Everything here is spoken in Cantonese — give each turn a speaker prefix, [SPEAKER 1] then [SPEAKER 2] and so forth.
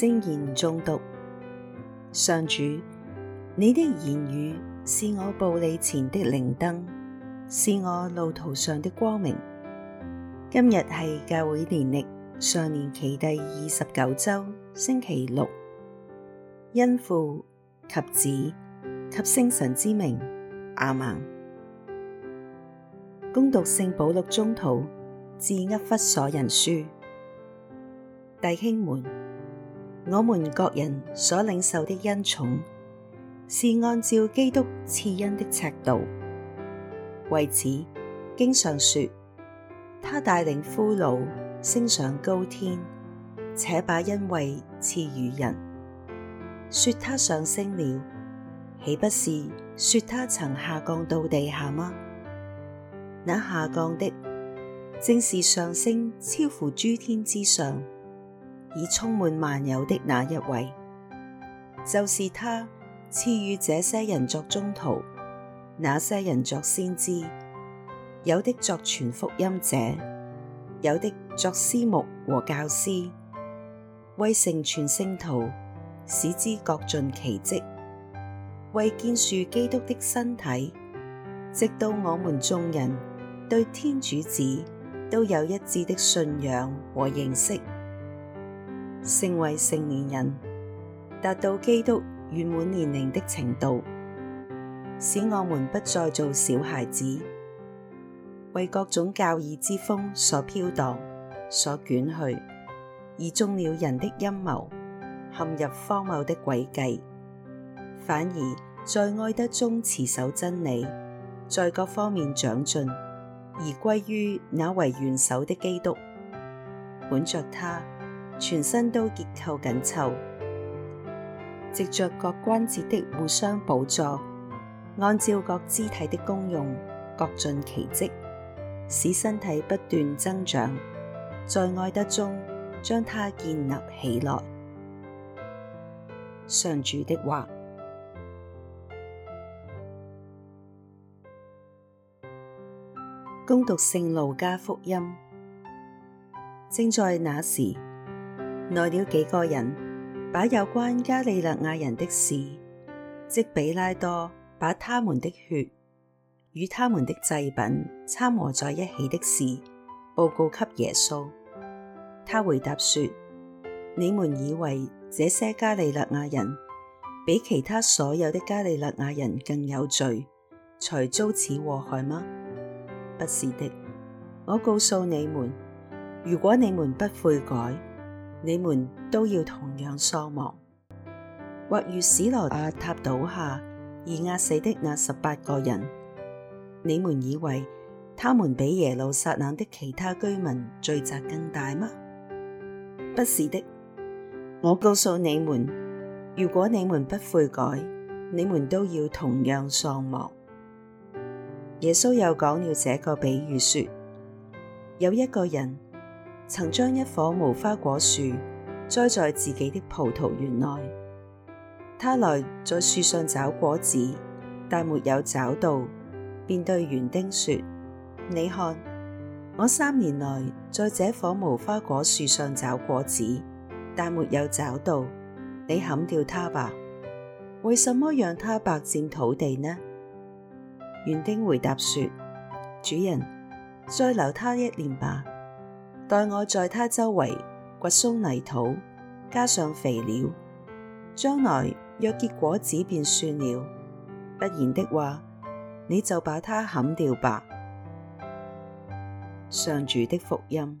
[SPEAKER 1] 聖言中毒上主，你的言語是我暴利前的靈燈，是我路途上的光明。今日係教會年歷上年期第二十九周星期六，因父及子及星神之名，阿門。攻讀聖保禄中途，至厄佛所人書，弟兄們。我們各人所領受的恩寵，是按照基督賜恩的尺度。為此，經上說，他帶領俘虜升上高天，且把恩惠賜予人。說他上升了，豈不是說他曾下降到地下嗎？那下降的，正是上升超乎諸天之上以充滿萬有的那一位，就是他賜予這些人作宗徒，那些人作先知，有的作傳福音者，有的作司牧和教師，為成全聖徒，使之各盡其職，為建樹基督的身體，直到我們眾人對天主子都有一致的信仰和認識。成為成年人，達到基督圓滿年齡的程度，使我們不再做小孩子，為各種教義之風所飄蕩、所捲去，而中了人的陰謀，陷入荒謬的詭計，反而在愛德中持守真理，在各方面長進，而歸於那為元首的基督，本着他。全身都結構緊湊，藉着各關節的互相補助，按照各肢體的功用，各盡其職，使身體不斷增長。在愛德中，將它建立起來。上主的話，恭讀《聖路加福音》，正在那時。來了幾個人，把有關加里肋亞人的事，即比拉多把他們的血與他們的祭品摻和在一起的事，報告給耶穌。他回答說：你們以為這些加里肋亞人比其他所有的加里肋亞人更有罪，才遭此禍害嗎？不是的，我告訴你們，如果你們不悔改，你們都要同樣喪亡，或如史羅亞塔倒下而壓死的那十八個人，你們以為他們比耶路撒冷的其他居民罪債更大嗎？不是的，我告訴你們，如果你們不悔改，你們都要同樣喪亡。耶穌又講了這個比喻說，說有一個人。曾將一棵無花果樹栽在自己的葡萄園內，他來在樹上找果子，但沒有找到，便對園丁說：「你看，我三年來在這棵無花果樹上找果子，但沒有找到，你砍掉它吧！為什麼讓它白佔土地呢？」園丁回答說：「主人，再留它一年吧！」待我在它周圍掘鬆泥土，加上肥料，將來若結果子便算了；不然的話，你就把它砍掉吧。上主的福音。